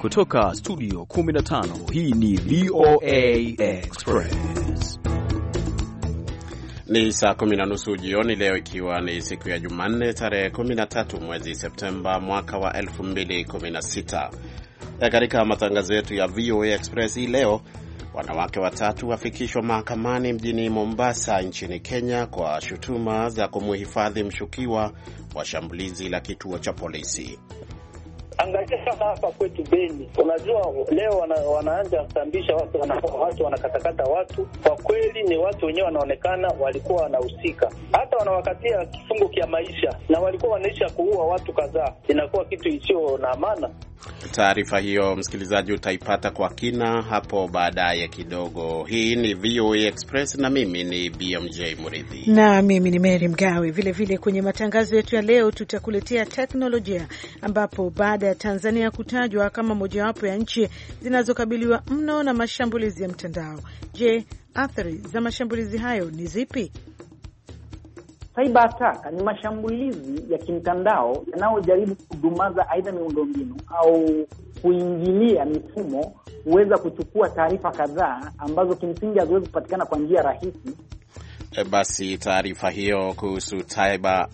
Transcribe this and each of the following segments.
Kutoka studio 15 hii ni VOA Express. Ni saa kumi na nusu jioni leo, ikiwa ni siku ya Jumanne tarehe 13 mwezi Septemba mwaka wa 2016. Katika matangazo yetu ya VOA Express hii leo, wanawake watatu wafikishwa mahakamani mjini Mombasa nchini Kenya kwa shutuma za kumhifadhi mshukiwa wa shambulizi la kituo cha polisi. Angalia sasa hapa kwetu Beni, unajua leo wana, wanaanza watu, wana, watu wanakatakata watu. Kwa kweli ni watu wenyewe wanaonekana walikuwa wanahusika, hata wanawakatia kifungo kya maisha na walikuwa wanaisha kuua watu kadhaa. Inakuwa kitu isiyo na maana. Taarifa hiyo msikilizaji utaipata kwa kina hapo baadaye kidogo. Hii ni VOA Express na mimi ni BMJ Muridhi na mimi ni Mary Mgawe. Vilevile kwenye matangazo yetu ya leo tutakuletea teknolojia ambapo baada baada ya Tanzania kutajwa kama mojawapo ya nchi zinazokabiliwa mno na mashambulizi ya mtandao. Je, athari za mashambulizi hayo ni zipi? Cyber attack ni mashambulizi ya kimtandao yanayojaribu kudumaza aidha miundombinu au kuingilia mifumo huweza kuchukua taarifa kadhaa ambazo kimsingi haziwezi kupatikana kwa njia rahisi Eh, basi taarifa hiyo kuhusu cyber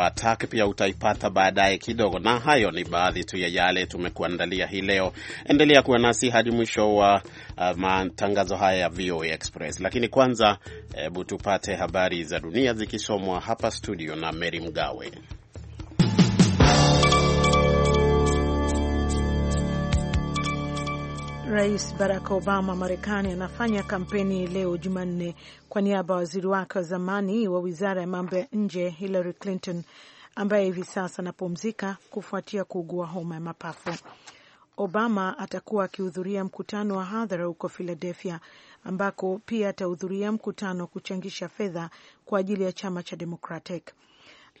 attack pia utaipata baadaye kidogo, na hayo ni baadhi tu ya yale tumekuandalia hii leo. Endelea kuwa nasi hadi mwisho wa uh, matangazo haya ya VOA Express, lakini kwanza, hebu tupate habari za dunia zikisomwa hapa studio na Mary Mgawe. Rais Barack Obama Marekani anafanya kampeni leo Jumanne kwa niaba ya waziri wake wa zamani wa wizara ya mambo ya nje Hillary Clinton ambaye hivi sasa anapumzika kufuatia kuugua homa ya mapafu. Obama atakuwa akihudhuria mkutano wa hadhara huko Philadelphia, ambako pia atahudhuria mkutano wa kuchangisha fedha kwa ajili ya chama cha Democratic.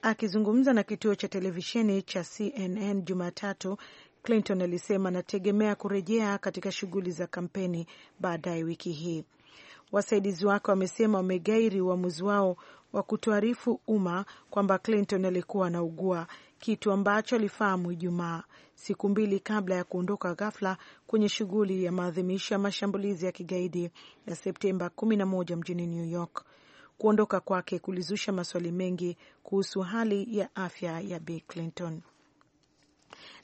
Akizungumza na kituo cha televisheni cha CNN Jumatatu Clinton alisema anategemea kurejea katika shughuli za kampeni baadaye wiki hii. Wasaidizi wake wamesema wamegairi uamuzi wao wa kutoarifu umma kwamba Clinton alikuwa anaugua, kitu ambacho alifahamu Ijumaa, siku mbili kabla ya kuondoka ghafla kwenye shughuli ya maadhimisho ya mashambulizi ya kigaidi ya Septemba 11 mjini New York. Kuondoka kwake kulizusha maswali mengi kuhusu hali ya afya ya Bi Clinton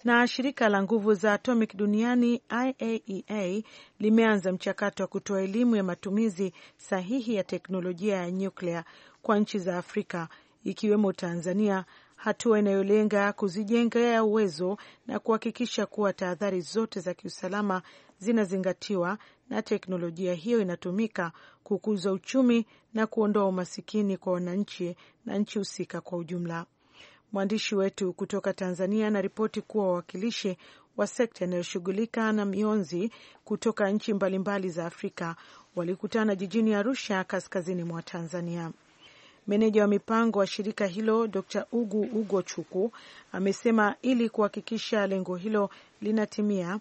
na shirika la nguvu za atomic duniani IAEA e limeanza mchakato wa kutoa elimu ya matumizi sahihi ya teknolojia ya nyuklia kwa nchi za Afrika ikiwemo Tanzania, hatua inayolenga kuzijengea uwezo na kuhakikisha kuwa tahadhari zote za kiusalama zinazingatiwa na teknolojia hiyo inatumika kukuza uchumi na kuondoa umasikini kwa wananchi na nchi husika kwa ujumla. Mwandishi wetu kutoka Tanzania anaripoti kuwa wawakilishi wa sekta inayoshughulika na mionzi kutoka nchi mbalimbali za Afrika walikutana jijini Arusha, kaskazini mwa Tanzania. Meneja wa mipango wa shirika hilo Dr Ugu Ugo Chuku amesema ili kuhakikisha lengo hilo linatimia,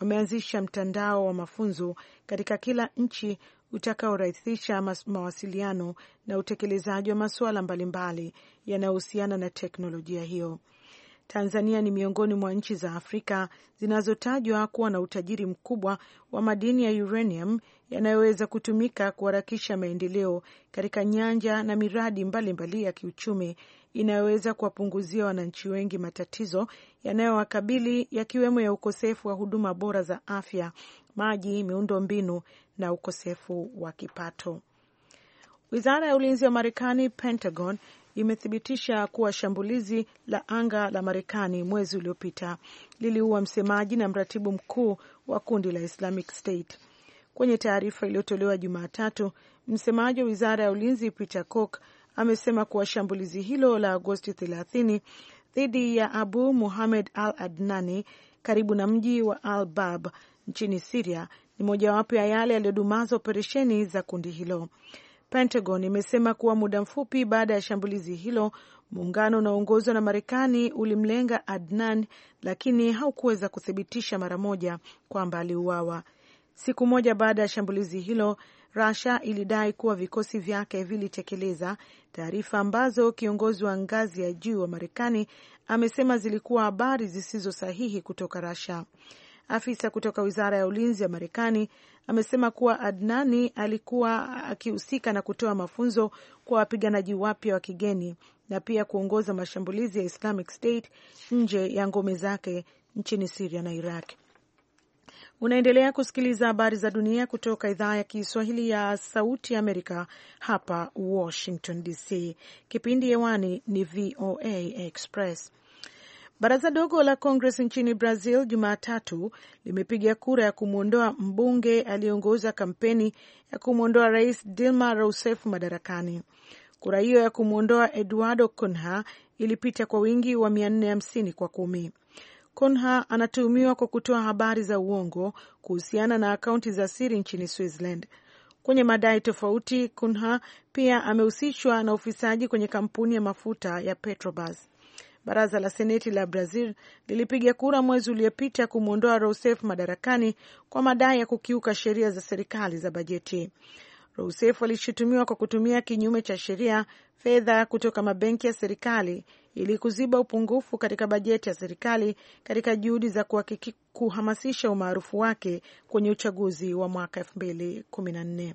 wameanzisha mtandao wa mafunzo katika kila nchi utakaorahisisha mawasiliano na utekelezaji wa masuala mbalimbali yanayohusiana na teknolojia hiyo. Tanzania ni miongoni mwa nchi za Afrika zinazotajwa kuwa na utajiri mkubwa wa madini ya uranium yanayoweza kutumika kuharakisha maendeleo katika nyanja na miradi mbalimbali mbali ya kiuchumi inayoweza kuwapunguzia wananchi wengi matatizo yanayowakabili yakiwemo ya ukosefu wa huduma bora za afya, maji, miundo mbinu na ukosefu wa kipato. Wizara ya ulinzi wa Marekani, Pentagon, imethibitisha kuwa shambulizi la anga la Marekani mwezi uliopita liliua msemaji na mratibu mkuu wa kundi la Islamic State. Kwenye taarifa iliyotolewa Jumatatu, msemaji wa wizara ya ulinzi Peter Cook amesema kuwa shambulizi hilo la Agosti 30 dhidi ya Abu Muhamed Al Adnani karibu na mji wa Al Bab nchini Siria ni mojawapo ya yale yaliyodumaza operesheni za kundi hilo. Pentagon imesema kuwa muda mfupi baada ya shambulizi hilo, muungano unaoongozwa na Marekani ulimlenga Adnan, lakini haukuweza kuthibitisha mara moja kwamba aliuawa. Siku moja baada ya shambulizi hilo, Russia ilidai kuwa vikosi vyake vilitekeleza taarifa ambazo kiongozi wa ngazi ya juu wa Marekani amesema zilikuwa habari zisizo sahihi kutoka Russia. Afisa kutoka wizara ya ulinzi ya Marekani amesema kuwa Adnani alikuwa akihusika na kutoa mafunzo kwa wapiganaji wapya wa kigeni na pia kuongoza mashambulizi ya Islamic State nje ya ngome zake nchini Siria na Iraq. Unaendelea kusikiliza habari za dunia kutoka idhaa ya Kiswahili ya Sauti Amerika, hapa Washington DC. Kipindi hewani ni VOA Express. Baraza dogo la Congress nchini Brazil Jumatatu limepiga kura ya kumwondoa mbunge aliyeongoza kampeni ya kumwondoa Rais Dilma Rousseff madarakani. Kura hiyo ya kumwondoa Eduardo Cunha ilipita kwa wingi wa 450 kwa kumi. Cunha anatuhumiwa kwa kutoa habari za uongo kuhusiana na akaunti za siri nchini Switzerland. Kwenye madai tofauti, Cunha pia amehusishwa na ufisaji kwenye kampuni ya mafuta ya Petrobras. Baraza la Seneti la Brazil lilipiga kura mwezi uliopita kumwondoa Rousseff madarakani kwa madai ya kukiuka sheria za serikali za bajeti. Rousseff alishutumiwa kwa kutumia kinyume cha sheria fedha kutoka mabenki ya serikali ili kuziba upungufu katika bajeti ya serikali katika juhudi za kuhamasisha umaarufu wake kwenye uchaguzi wa mwaka e214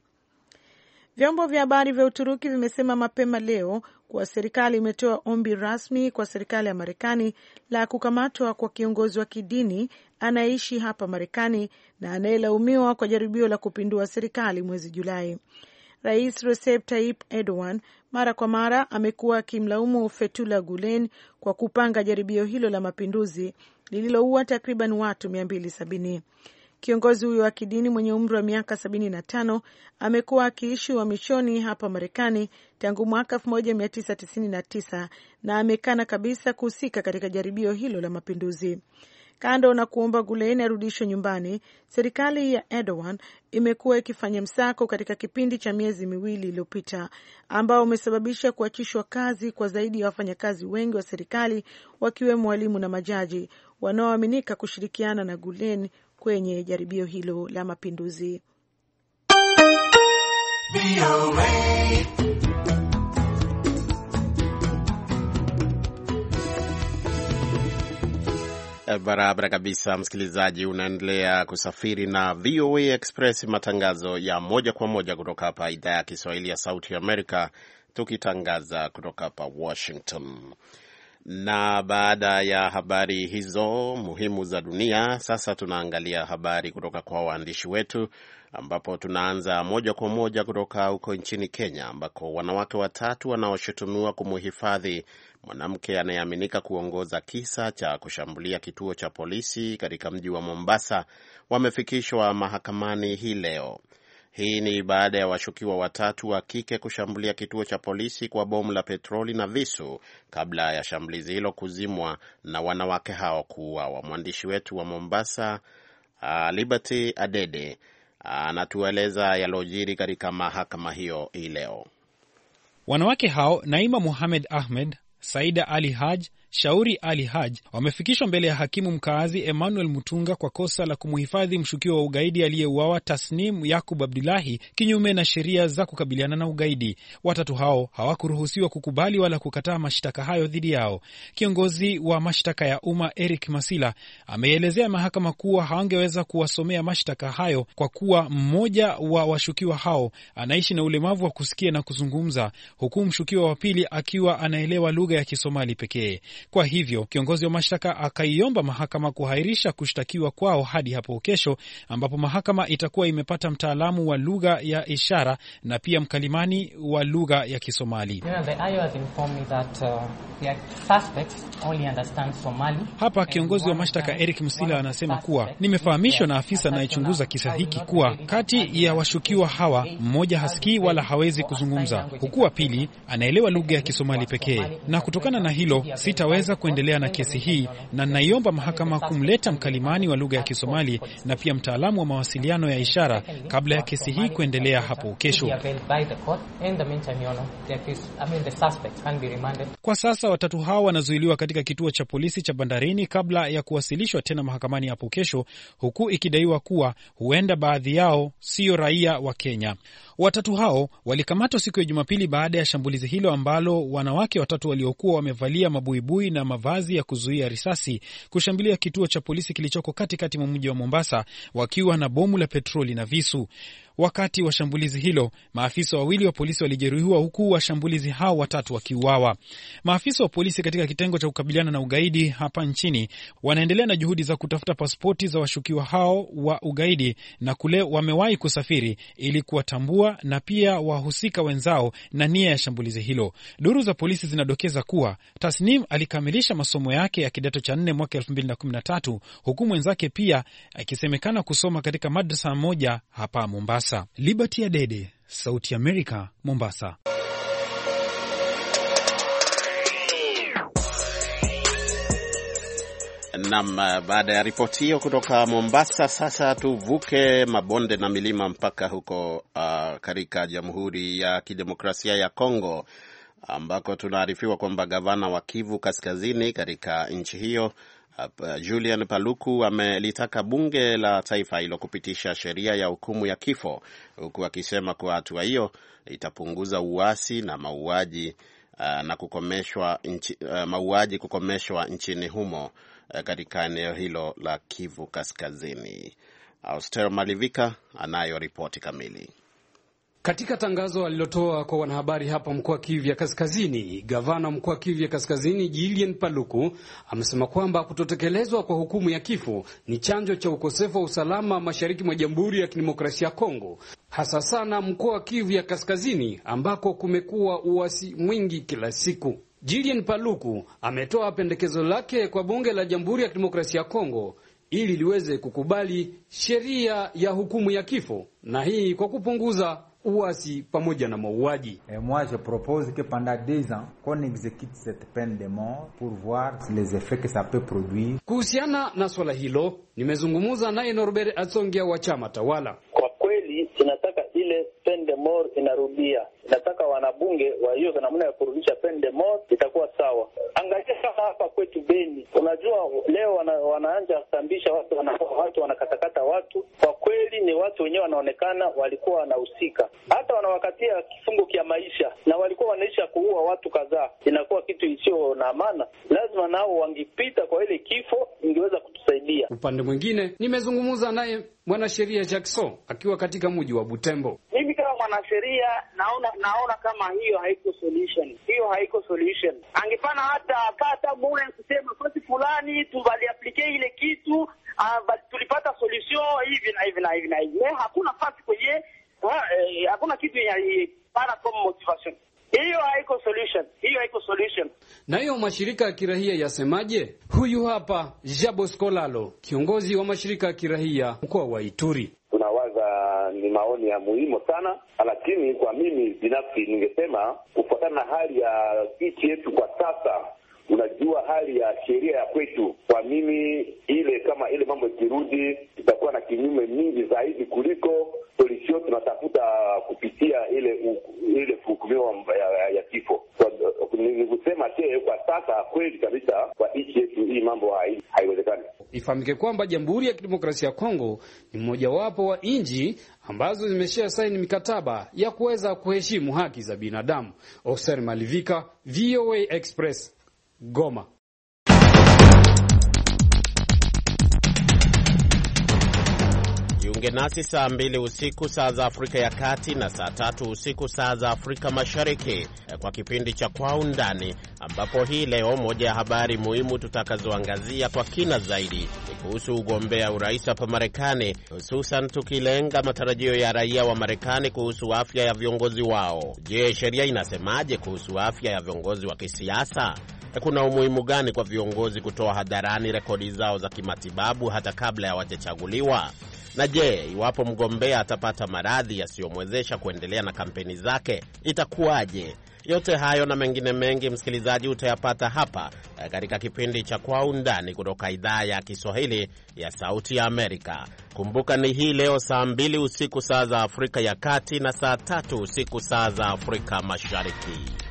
Vyombo vya habari vya Uturuki vimesema mapema leo kuwa serikali imetoa ombi rasmi kwa serikali ya Marekani la kukamatwa kwa kiongozi wa kidini anayeishi hapa Marekani na anayelaumiwa kwa jaribio la kupindua serikali mwezi Julai. Rais Recep Tayyip Erdogan mara kwa mara amekuwa akimlaumu Fethullah Gulen kwa kupanga jaribio hilo la mapinduzi lililoua takriban watu 270. Kiongozi huyo wa kidini mwenye umri wa miaka 75 amekuwa akiishi uhamishoni hapa Marekani tangu mwaka 1999 na amekana kabisa kuhusika katika jaribio hilo la mapinduzi. Kando na kuomba Gulen arudishwe nyumbani, serikali ya Erdogan imekuwa ikifanya msako katika kipindi cha miezi miwili iliyopita, ambao umesababisha kuachishwa kazi kwa zaidi ya wafanyakazi wengi wa serikali, wakiwemo walimu na majaji wanaoaminika kushirikiana na Gulen kwenye jaribio hilo la mapinduzi. Eh, barabara kabisa, msikilizaji, unaendelea kusafiri na VOA Express, matangazo ya moja kwa moja kutoka hapa idhaa ya Kiswahili ya Sauti ya Amerika, tukitangaza kutoka hapa Washington. Na baada ya habari hizo muhimu za dunia, sasa tunaangalia habari kutoka kwa waandishi wetu, ambapo tunaanza moja kwa moja kutoka huko nchini Kenya, ambako wanawake watatu wanaoshutumiwa kumhifadhi mwanamke anayeaminika kuongoza kisa cha kushambulia kituo cha polisi katika mji wa Mombasa wamefikishwa mahakamani hii leo. Hii ni baada ya washukiwa watatu wa kike kushambulia kituo cha polisi kwa bomu la petroli na visu kabla ya shambulizi hilo kuzimwa na wanawake hao kuuawa. Mwandishi wetu wa Mombasa uh, Liberty Adede anatueleza uh, yalojiri katika mahakama hiyo hii leo. Wanawake hao Naima Muhamed Ahmed, Saida Ali Haj Shauri Ali Haj wamefikishwa mbele ya hakimu mkaazi Emmanuel Mutunga kwa kosa la kumhifadhi mshukiwa wa ugaidi aliyeuawa Tasnim Yakub Abdulahi kinyume na sheria za kukabiliana na ugaidi. Watatu hao hawakuruhusiwa kukubali wala kukataa mashtaka hayo dhidi yao. Kiongozi wa mashtaka ya umma Eric Masila ameelezea mahakama kuwa hawangeweza kuwasomea mashtaka hayo kwa kuwa mmoja wa washukiwa hao anaishi na ulemavu wa kusikia na kuzungumza, huku mshukiwa wa pili akiwa anaelewa lugha ya Kisomali pekee. Kwa hivyo kiongozi wa mashtaka akaiomba mahakama kuhairisha kushtakiwa kwao hadi hapo kesho, ambapo mahakama itakuwa imepata mtaalamu wa lugha ya ishara na pia mkalimani wa lugha ya Kisomali. Uh, Hapa kiongozi wa mashtaka Eric msila anasema kuwa nimefahamishwa na afisa anayechunguza kisa hiki kuwa kati ya washukiwa hawa mmoja hasikii wala hawezi kuzungumza, huku wa pili anaelewa lugha ya Kisomali pekee, na kutokana na hilo sita tunaweza kuendelea na kesi hii, na naiomba mahakama kumleta mkalimani wa lugha ya Kisomali na pia mtaalamu wa mawasiliano ya ishara kabla ya kesi hii kuendelea hapo kesho. Kwa sasa watatu hao wanazuiliwa katika kituo cha polisi cha bandarini kabla ya kuwasilishwa tena mahakamani hapo kesho, huku ikidaiwa kuwa huenda baadhi yao siyo raia wa Kenya. Watatu hao walikamatwa siku ya Jumapili baada ya shambulizi hilo ambalo wanawake watatu waliokuwa wamevalia mabuibui na mavazi ya kuzuia risasi kushambulia kituo cha polisi kilichoko katikati mwa mji wa Mombasa wakiwa na bomu la petroli na visu. Wakati wa shambulizi hilo, maafisa wawili wa polisi walijeruhiwa huku washambulizi hao watatu wakiuawa. Maafisa wa polisi katika kitengo cha kukabiliana na ugaidi hapa nchini wanaendelea na juhudi za kutafuta pasipoti za washukiwa hao wa ugaidi na kule wamewahi kusafiri ili kuwatambua na pia wahusika wenzao na nia ya shambulizi hilo. Duru za polisi zinadokeza kuwa Tasnim alikamilisha masomo yake ya kidato cha nne mwaka tatu huku mwenzake pia akisemekana kusoma katika madrasa moja hapa Mombasa. Mombasa. Liberty Adede, Sauti ya Amerika, Mombasa. Nam, baada ya ripoti hiyo kutoka Mombasa, sasa tuvuke mabonde na milima mpaka huko uh, katika Jamhuri ya Kidemokrasia ya Kongo ambako tunaarifiwa kwamba gavana wa Kivu Kaskazini katika nchi hiyo Julian Paluku amelitaka bunge la taifa hilo kupitisha sheria ya hukumu ya kifo, huku akisema kuwa hatua hiyo itapunguza uasi na mauaji uh, na kukomeshwa uh, mauaji kukomeshwa nchini humo uh, katika eneo hilo la Kivu Kaskazini. Auster Malivika anayo ripoti kamili. Katika tangazo alilotoa kwa wanahabari hapa mkoa Kivu ya Kaskazini, gavana mkuu wa Kivu ya Kaskazini Julien Paluku amesema kwamba kutotekelezwa kwa hukumu ya kifo ni chanjo cha ukosefu wa usalama mashariki mwa Jamhuri ya Kidemokrasia ya Kongo, hasa sana mkoa wa Kivu ya Kaskazini ambako kumekuwa uasi mwingi kila siku. Julien Paluku ametoa pendekezo lake kwa bunge la Jamhuri ya Kidemokrasia ya Kongo ili liweze kukubali sheria ya hukumu ya kifo, na hii kwa kupunguza uasi pamoja na mauaji. Et moi je propose que pendant deux ans qu'on exécute cette peine de mort pour voir les effets que ça peut produire. Kuhusiana na swala hilo nimezungumza naye Norbert Atsongia wa chama tawala. Kwa kweli tunataka ile peine de mort inarudia, nataka wanabunge waiweka namna ya kurudisha peine de mort, itakuwa sawa. Angalia sasa hapa kwetu Beni, unajua leo wanaanja sambisha watu, watu wanakatakata watu kwa kweli ni watu wenyewe wanaonekana walikuwa wanahusika, hata wanawakatia kifungo kya maisha na walikuwa wanaisha kuua watu kadhaa. Inakuwa kitu isiyo na maana, lazima nao wangipita kwa ile kifo, ingeweza kutusaidia. Upande mwingine, nimezungumza naye mwanasheria Jackson akiwa katika mji wa Butembo. Mimi kama mwanasheria naona naona kama hiyo haiko solution, hiyo haiko solution. Angefana hata kaa tabu kusema kosi fulani tuvaliaplike ile kitu Ah, tulipata solution hivi na hivi na hivi na hivi, eh, hakuna fasi kwenye eh, eh hakuna kitu yenye para kama motivation hiyo haiko solution, hiyo haiko solution. hiyo mashirika ya kirahia yasemaje? Huyu hapa Jabo Skolalo, kiongozi wa mashirika ya kirahia mkoa wa Ituri. Tunawaza ni maoni ya muhimu sana, lakini kwa mimi binafsi ningesema kufuatana na hali ya nchi yetu kwa sasa unajua hali ya sheria ya kwetu. Kwa mimi ile kama ile mambo ikirudi, tutakuwa na kinyume mingi zaidi kuliko solution tunatafuta kupitia ile ile hukumiwa ya, ya kifo. Ni kusema te kwa sasa kweli kabisa kwa nchi yetu hii mambo haiwezekani. Ifahamike kwamba Jamhuri ya Kidemokrasia ya Kongo ni mmojawapo wa nchi ambazo zimeshia saini mikataba ya kuweza kuheshimu haki za binadamu. Oser Malivika, VOA Express. goma Jiunge nasi saa mbili usiku saa za Afrika ya Kati na saa tatu usiku saa za Afrika Mashariki eh, kwa kipindi cha Kwa Undani, ambapo hii leo moja ya habari muhimu tutakazoangazia kwa kina zaidi ni kuhusu ugombea urais hapa Marekani, hususan tukilenga matarajio ya raia wa Marekani kuhusu afya ya viongozi wao. Je, sheria inasemaje kuhusu afya ya viongozi wa kisiasa? Eh, kuna umuhimu gani kwa viongozi kutoa hadharani rekodi zao za kimatibabu hata kabla ya wajachaguliwa? Na je, iwapo mgombea atapata maradhi yasiyomwezesha kuendelea na kampeni zake itakuwaje? Yote hayo na mengine mengi, msikilizaji, utayapata hapa eh, katika kipindi cha Kwa Undani kutoka idhaa ya Kiswahili ya Sauti ya Amerika. Kumbuka ni hii leo saa mbili usiku saa za Afrika ya Kati na saa tatu usiku saa za Afrika Mashariki.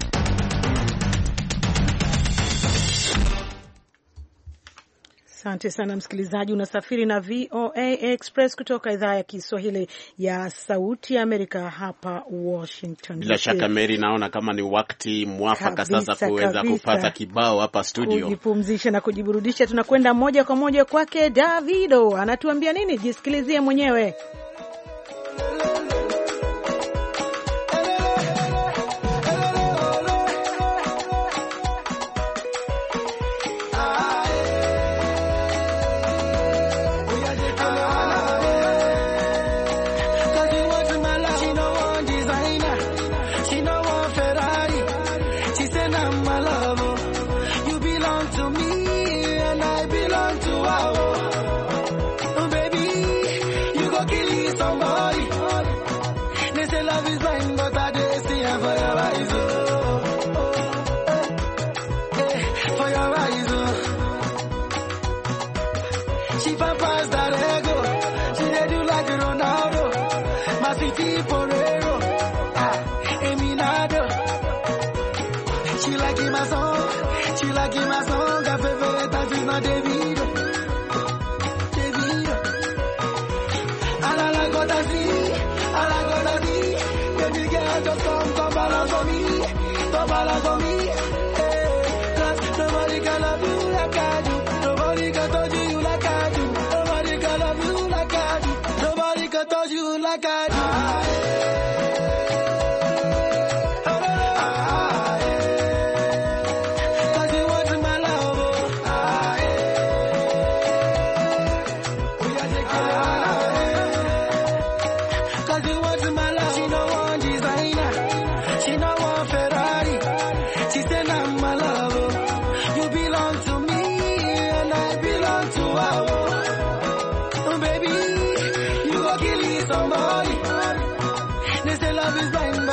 Asante sana msikilizaji, unasafiri na VOA Express kutoka idhaa ya Kiswahili ya Sauti ya Amerika hapa Washington. Bila shaka Mary, naona kama ni wakati mwafaka sasa kuweza kupata kibao hapa studio, kujipumzisha na kujiburudisha. Tunakwenda moja kwa moja kwake Davido, anatuambia nini? Jisikilizie mwenyewe. she like in my song. I feel that my feel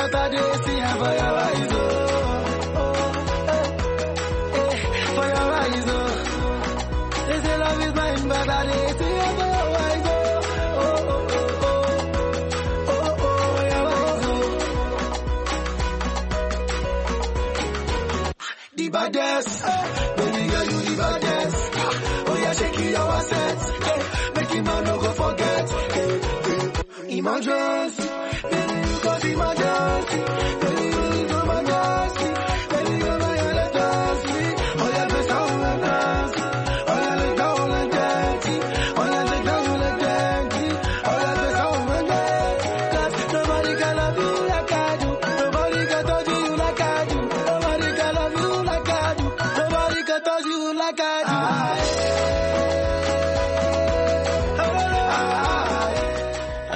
for your eyes, oh. for your eyes, oh. They say love is mine, but I dey see am for your eyes, oh. oh, oh, oh, oh, oh your eyes, oh. The baddest, baby girl, you the baddest. Oh yeah, shake your assets, eh, make him forget. Imagine.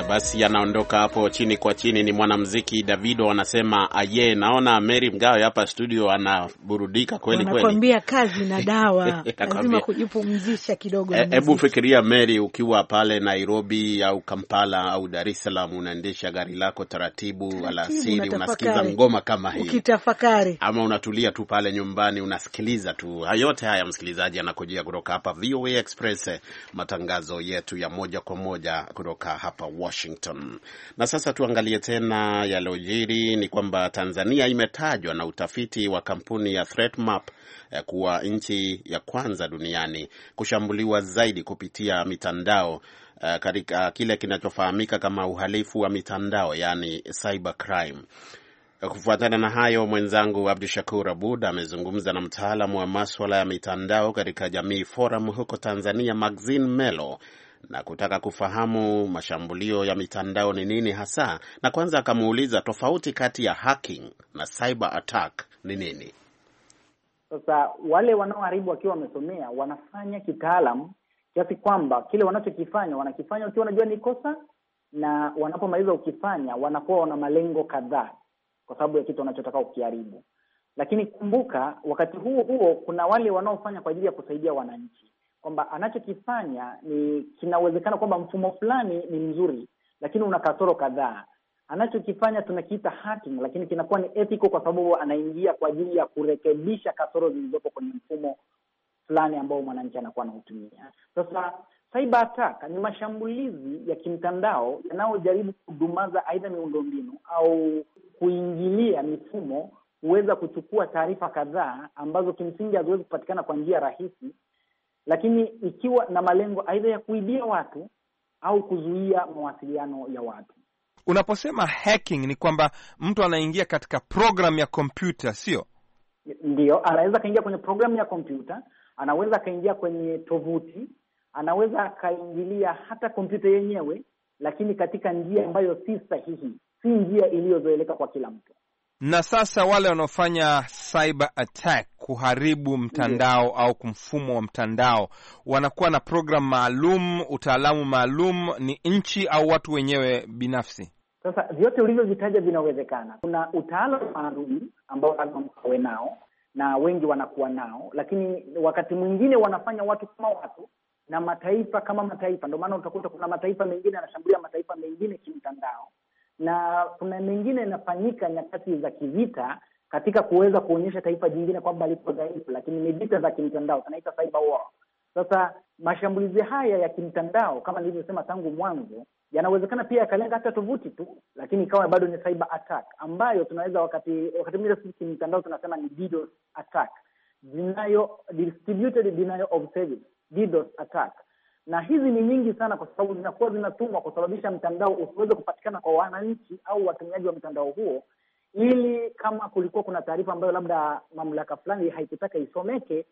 basi yanaondoka hapo chini kwa chini. Ni mwanamuziki Davido anasema aye. Naona Mary Mgawe hapa studio anaburudika kweli kweli, kazi na dawa lazima kujipumzisha kidogo. E, hebu e, fikiria Mary, ukiwa pale Nairobi au Kampala au Dar es Salaam, unaendesha gari lako taratibu alasiri, unasikiliza ngoma kama hii ukitafakari, ama unatulia tu pale nyumbani unasikiliza tu yote haya. Msikilizaji anakujia kutoka hapa VOA Express, matangazo yetu ya moja kwa moja kutoka hapa Washington. Washington. Na sasa tuangalie tena yaliyojiri, ni kwamba Tanzania imetajwa na utafiti wa kampuni ya ThreatMap eh, kuwa nchi ya kwanza duniani kushambuliwa zaidi kupitia mitandao eh, katika kile kinachofahamika kama uhalifu wa mitandao, yani cyber crime. Eh, kufuatana na hayo, mwenzangu Abdu Shakur Abud amezungumza na mtaalamu wa maswala ya mitandao katika Jamii Forum huko Tanzania, Maxine Melo, na kutaka kufahamu mashambulio ya mitandao ni nini hasa, na kwanza akamuuliza tofauti kati ya hacking na cyber attack ni nini. Sasa wale wanaoharibu wakiwa wamesomea wanafanya kitaalam kiasi kwamba kile wanachokifanya wanakifanya wakiwa wanajua ni kosa, na wanapomaliza ukifanya wanakuwa wana malengo kadhaa kwa sababu ya kitu wanachotaka kukiharibu. Lakini kumbuka, wakati huo huo kuna wale wanaofanya kwa ajili ya kusaidia wananchi kwamba anachokifanya ni kinawezekana kwamba mfumo fulani ni mzuri, lakini una kasoro kadhaa. Anachokifanya tunakiita hacking, lakini kinakuwa ni ethical kwa sababu anaingia kwa ajili ya kurekebisha kasoro zilizopo kwenye mfumo fulani ambao mwananchi anakuwa anautumia. Sasa cyber attack ni mashambulizi ya kimtandao yanayojaribu kudumaza aidha miundombinu au kuingilia mifumo huweza kuchukua taarifa kadhaa ambazo kimsingi haziwezi kupatikana kwa njia rahisi lakini ikiwa na malengo aidha ya kuibia watu au kuzuia mawasiliano ya watu. Unaposema hacking ni kwamba mtu anaingia katika programu ya kompyuta, sio ndiyo? Anaweza akaingia kwenye programu ya kompyuta, anaweza akaingia kwenye tovuti, anaweza akaingilia hata kompyuta yenyewe, lakini katika njia ambayo si sahihi, si njia iliyozoeleka kwa kila mtu. Na sasa wale wanaofanya cyber attack kuharibu mtandao au kumfumo wa mtandao wanakuwa na program maalum, utaalamu maalum, ni nchi au watu wenyewe binafsi? Sasa vyote ulivyovitaja vinawezekana. Kuna utaalamu maalum ambao lazima awe nao na wengi wanakuwa nao, lakini wakati mwingine wanafanya watu kama watu na mataifa kama mataifa. Ndio maana utakuta kuna mataifa mengine yanashambulia mataifa mengine kimtandao na kuna mengine inafanyika nyakati za kivita katika kuweza kuonyesha taifa jingine kwamba lipo dhaifu, lakini ni vita za kimtandao, tunaita cyber war. Sasa mashambulizi haya ya kimtandao kama nilivyosema tangu mwanzo, yanawezekana pia yakalenga hata tovuti tu, lakini ikawa bado ni cyber attack ambayo tunaweza wakati wakati mwingine sisi kimtandao tunasema ni DDoS attack, denial distributed denial of service, DDoS attack na hizi ni nyingi sana, kwa sababu zinakuwa zinatumwa kusababisha mtandao usiweze kupatikana kwa wananchi au watumiaji wa mtandao huo, ili kama kulikuwa kuna taarifa ambayo labda mamlaka fulani haikutaka isomeke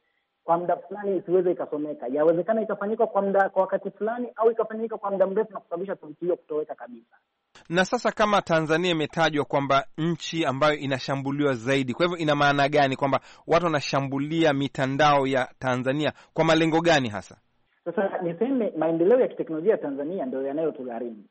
kwa muda fulani, isiweze ikasomeka. Yawezekana ikafanyika kwa muda, kwa wakati fulani, au ikafanyika kwa muda mrefu na kusababisha tovuti hiyo kutoweka kabisa. Na sasa kama Tanzania imetajwa kwamba nchi ambayo inashambuliwa zaidi, kwa hivyo ina maana gani kwamba watu wanashambulia mitandao ya Tanzania kwa malengo gani hasa? Sasa niseme maendeleo ya kiteknolojia ya Tanzania ndio yanayotugharimu.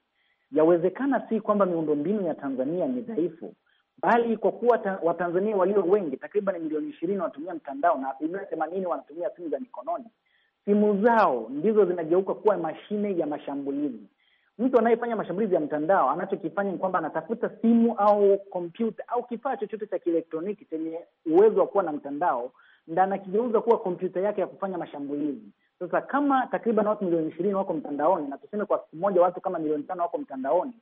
Yawezekana si kwamba miundombinu ya Tanzania ni dhaifu, bali kwa kuwa ta, Watanzania walio wengi takriban milioni ishirini wanatumia mtandao na asilimia themanini wanatumia simu za mikononi, simu zao ndizo zinageuka kuwa mashine ya mashambulizi. Mtu anayefanya mashambulizi ya mtandao anachokifanya ni kwamba anatafuta simu au kompyuta au kifaa chochote cha kielektroniki chenye uwezo wa kuwa na mtandao, na anakigeuza kuwa kompyuta yake ya kufanya mashambulizi. Sasa kama takriban watu milioni ishirini wako mtandaoni na tuseme kwa siku moja watu kama milioni tano wako mtandaoni,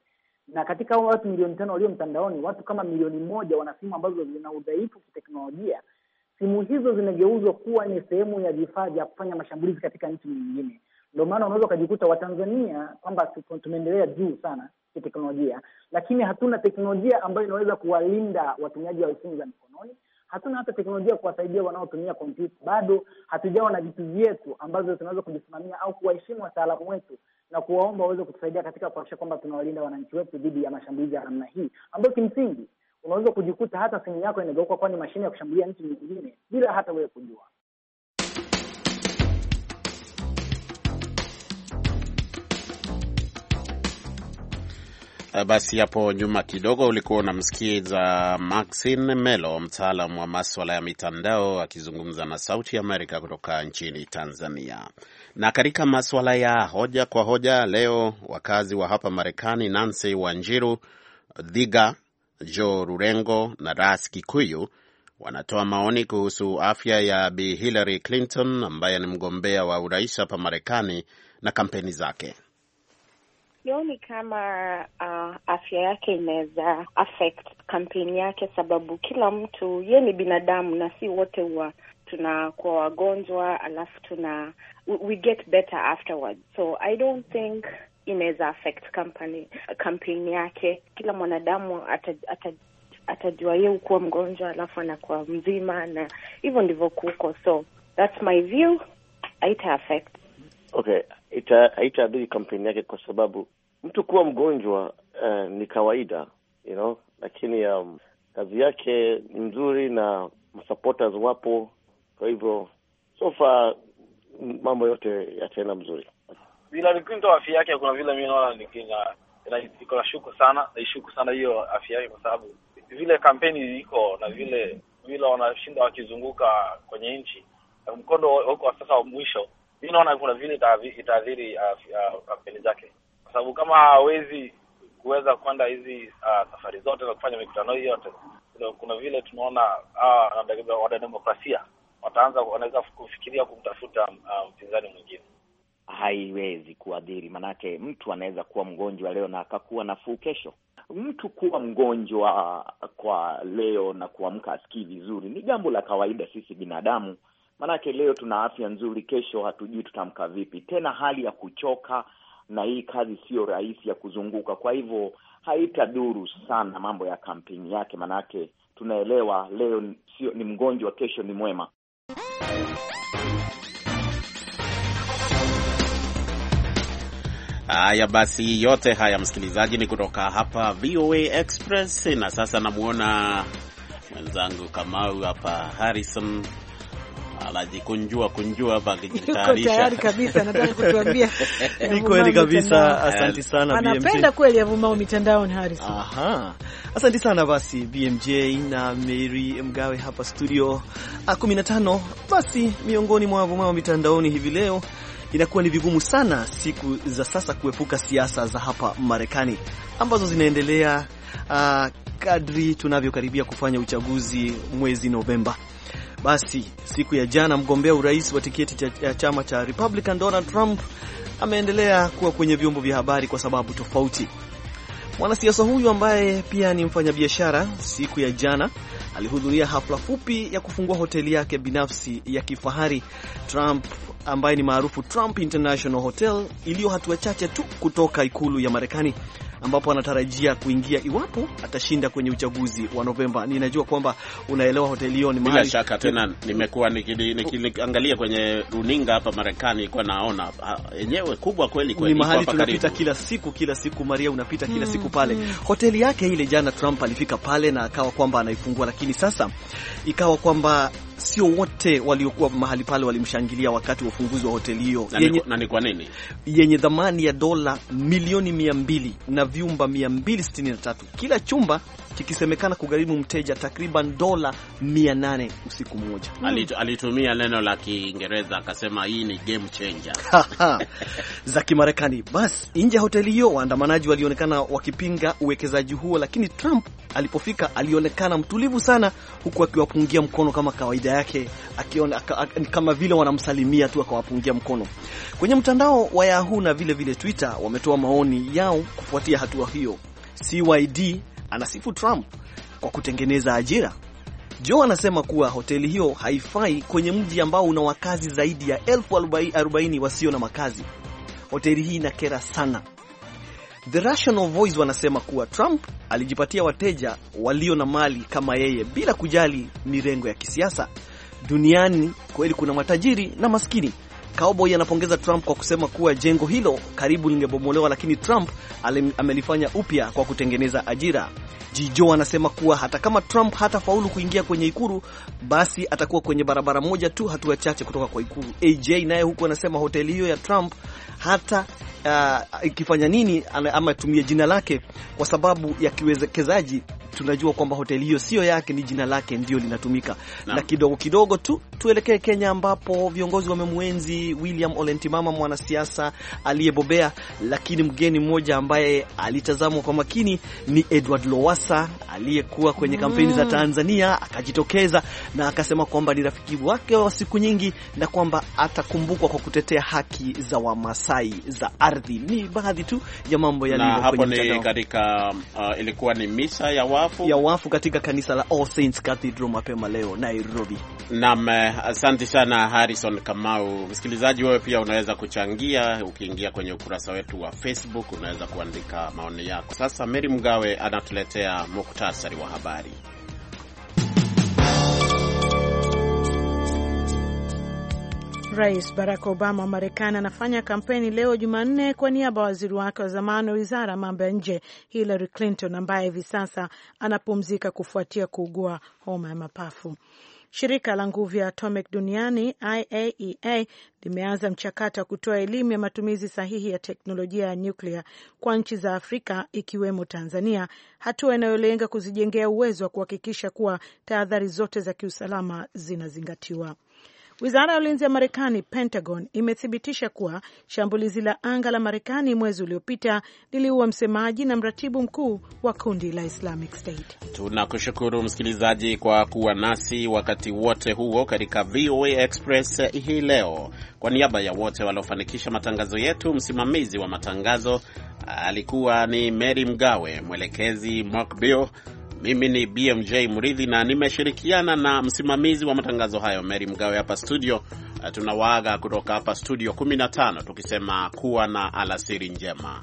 na katika hao watu milioni tano walio mtandaoni, watu kama milioni moja wana simu ambazo zina udhaifu kiteknolojia, simu hizo zinageuzwa kuwa ni sehemu ya vifaa vya kufanya mashambulizi katika nchi nyingine. Ndio maana unaweza ukajikuta Watanzania kwamba tumeendelea juu sana kiteknolojia, lakini hatuna teknolojia ambayo inaweza kuwalinda watumiaji wa simu za mikononi hatuna hata teknolojia kuwasaidia wanaotumia kompyuta. Bado hatujawa na vitu vyetu ambavyo tunaweza kujisimamia au kuwaheshimu wataalamu wetu na kuwaomba waweze kutusaidia katika kuhakikisha kwamba tunawalinda wananchi wetu dhidi ya mashambulizi ya namna hii ambayo kimsingi unaweza kujikuta hata simu yako inageuka kuwa ni mashine ya kushambulia nchi nyingine bila hata wewe kujua. Eh, basi hapo nyuma kidogo ulikuwa unamsikiza maxin Melo, mtaalam wa maswala ya mitandao akizungumza na Sauti Amerika kutoka nchini Tanzania. Na katika maswala ya hoja kwa hoja leo, wakazi wa hapa Marekani, Nancy Wanjiru, Dhiga Joe Rurengo na Ras Kikuyu wanatoa maoni kuhusu afya ya Bi Hillary Clinton ambaye ni mgombea wa urais hapa Marekani na kampeni zake sioni kama uh, afya yake inaweza affect kampeni yake, sababu kila mtu ye ni binadamu na si wote huwa tunakuwa wagonjwa alafu tuna we get better afterwards, so I don't think inaweza affect kampeni kampeni yake. Kila mwanadamu atajua ye hukuwa mgonjwa alafu anakuwa mzima, na hivyo ndivyo kuko, so that's my view, haita affect Okay, haitaadhiri kampeni yake, kwa sababu mtu kuwa mgonjwa uh, ni kawaida you know, lakini um, kazi yake ni nzuri na supporters wapo, kwa hivyo so far mambo yote yataenda mzuri bila afya yake. Kuna vile mi naona iko na shuku sana, naishuku sana hiyo afya yake, kwa sababu vile kampeni iko na vile vile wanashinda wakizunguka kwenye nchi, mkondo huko sasa wa mwisho mi naona kuna vile itaathiri uh, uh, kampeni zake, kwa sababu kama hawezi kuweza kwenda hizi uh, safari zote na kufanya mikutano hii yote, kuna vile tunaona wanademokrasia wataanza wanaweza kufikiria kumtafuta mpinzani mwingine. Haiwezi kuadhiri, maanake mtu anaweza kuwa mgonjwa leo na akakuwa nafuu kesho. Mtu kuwa mgonjwa kwa leo na kuamka asikii vizuri ni jambo la kawaida, sisi binadamu Maanake leo tuna afya nzuri, kesho hatujui tutamka vipi tena. Hali ya kuchoka na hii kazi siyo rahisi ya kuzunguka, kwa hivyo haitaduru sana mambo ya kampeni yake, maanake tunaelewa leo sio ni mgonjwa, kesho ni mwema. Haya basi, yote haya msikilizaji, ni kutoka hapa VOA Express, na sasa namwona mwenzangu Kamau hapa Harrison anajikunjua kunjua hapa akijitayarisha. Tayari kabisa, nataka kutuambia ni kweli kabisa. Asante sana BMJ, anapenda kweli yavumao mitandaoni Harrison. Aha, asante sana basi BMJ na Mary Mgawe hapa studio 15. Basi miongoni mwa avumao mitandaoni hivi leo inakuwa ni vigumu sana siku za sasa kuepuka siasa za hapa Marekani ambazo zinaendelea uh, kadri tunavyokaribia kufanya uchaguzi mwezi Novemba. Basi siku ya jana, mgombea urais wa tiketi ya chama cha Republican Donald Trump ameendelea kuwa kwenye vyombo vya habari kwa sababu tofauti. Mwanasiasa huyu ambaye pia ni mfanyabiashara, siku ya jana alihudhuria hafla fupi ya kufungua hoteli yake binafsi ya kifahari Trump, ambaye ni maarufu Trump International Hotel, iliyo hatua chache tu kutoka ikulu ya Marekani ambapo anatarajia kuingia iwapo atashinda kwenye uchaguzi wa Novemba. Ninajua kwamba unaelewa hoteli hiyo ni mahali. Bila shaka tena nimekuwa nikiangalia kwenye runinga hapa Marekani, kwa naona ah, yenyewe kubwa kweli kweli, ni mahali tunapita kila siku kila siku, Maria, unapita kila hmm, siku pale Hmm. Hoteli yake ile, jana Trump alifika pale na akawa kwamba anaifungua, lakini sasa ikawa kwamba sio wote waliokuwa mahali pale walimshangilia wakati wa ufunguzi wa hoteli hiyo yenye, na ni kwa nini yenye thamani ya dola milioni mia mbili na vyumba 263. Kila chumba kikisemekana kugharimu mteja takriban dola 800 usiku mmoja. Hmm. Alitumia neno la Kiingereza akasema hii ni game changer za Kimarekani. Basi nje ya hoteli hiyo waandamanaji walionekana wakipinga uwekezaji huo, lakini Trump alipofika alionekana mtulivu sana, huku akiwapungia mkono kama kawaida yake, akiona kama vile wanamsalimia tu, akawapungia mkono. Kwenye mtandao wa Yahoo na vile vile Twitter wametoa maoni yao kufuatia hatua hiyo. CYD anasifu Trump kwa kutengeneza ajira. Joe anasema kuwa hoteli hiyo haifai kwenye mji ambao una wakazi zaidi ya elfu arobaini wasio na makazi. Hoteli hii ina kera sana. The Rational Voice wanasema kuwa Trump alijipatia wateja walio na mali kama yeye bila kujali mirengo ya kisiasa. Duniani kweli kuna matajiri na maskini, Cowboy anapongeza Trump kwa kusema kuwa jengo hilo karibu lingebomolewa, lakini Trump amelifanya upya kwa kutengeneza ajira. Jijo anasema kuwa hata kama Trump hatafaulu kuingia kwenye ikulu, basi atakuwa kwenye barabara moja tu, hatua chache kutoka kwa ikulu. AJ naye huku anasema hoteli hiyo ya Trump hata uh, ikifanya nini ama tumie jina lake kwa sababu ya kiwekezaji tunajua kwamba hoteli hiyo sio yake, ni jina lake ndio linatumika na, na kidogo kidogo tu tuelekee Kenya ambapo viongozi wamemwenzi William olentimama mwanasiasa aliyebobea, lakini mgeni mmoja ambaye alitazamwa kwa makini ni Edward Lowasa aliyekuwa kwenye mm. kampeni za Tanzania, akajitokeza na akasema kwamba ni rafiki wake wa siku nyingi na kwamba atakumbukwa kwa kutetea haki za Wamasai za ardhi. Ni baadhi tu ya mambo yaliyo kwenye mtandao. Hapo ni katika uh, ilikuwa ni misa ya wa wafu, ya wafu katika kanisa la All Saints Cathedral mapema leo Nairobi. Naam, asante sana Harrison Kamau. Msikilizaji, wewe pia unaweza kuchangia ukiingia kwenye ukurasa wetu wa Facebook, unaweza kuandika maoni yako. Sasa Mary Mgawe anatuletea muktasari wa habari. Rais Barack Obama wa Marekani anafanya kampeni leo Jumanne kwa niaba ya waziri wake wa zamani wa wizara ya mambo ya nje Hillary Clinton ambaye hivi sasa anapumzika kufuatia kuugua homa ya mapafu. Shirika la nguvu ya atomic duniani IAEA e limeanza mchakato wa kutoa elimu ya matumizi sahihi ya teknolojia ya nyuklia kwa nchi za Afrika ikiwemo Tanzania, hatua inayolenga kuzijengea uwezo wa kuhakikisha kuwa tahadhari zote za kiusalama zinazingatiwa. Wizara ya ulinzi ya Marekani, Pentagon, imethibitisha kuwa shambulizi la anga la Marekani mwezi uliopita liliua msemaji na mratibu mkuu wa kundi la Islamic State. Tunakushukuru msikilizaji kwa kuwa nasi wakati wote huo katika VOA Express hii leo. Kwa niaba ya wote waliofanikisha matangazo yetu, msimamizi wa matangazo alikuwa ni Mary Mgawe, mwelekezi Mark Bill. Mimi ni BMJ Mridhi na nimeshirikiana na msimamizi wa matangazo hayo Mary Mgawe hapa studio. Tunawaaga kutoka hapa studio 15 tukisema kuwa na alasiri njema.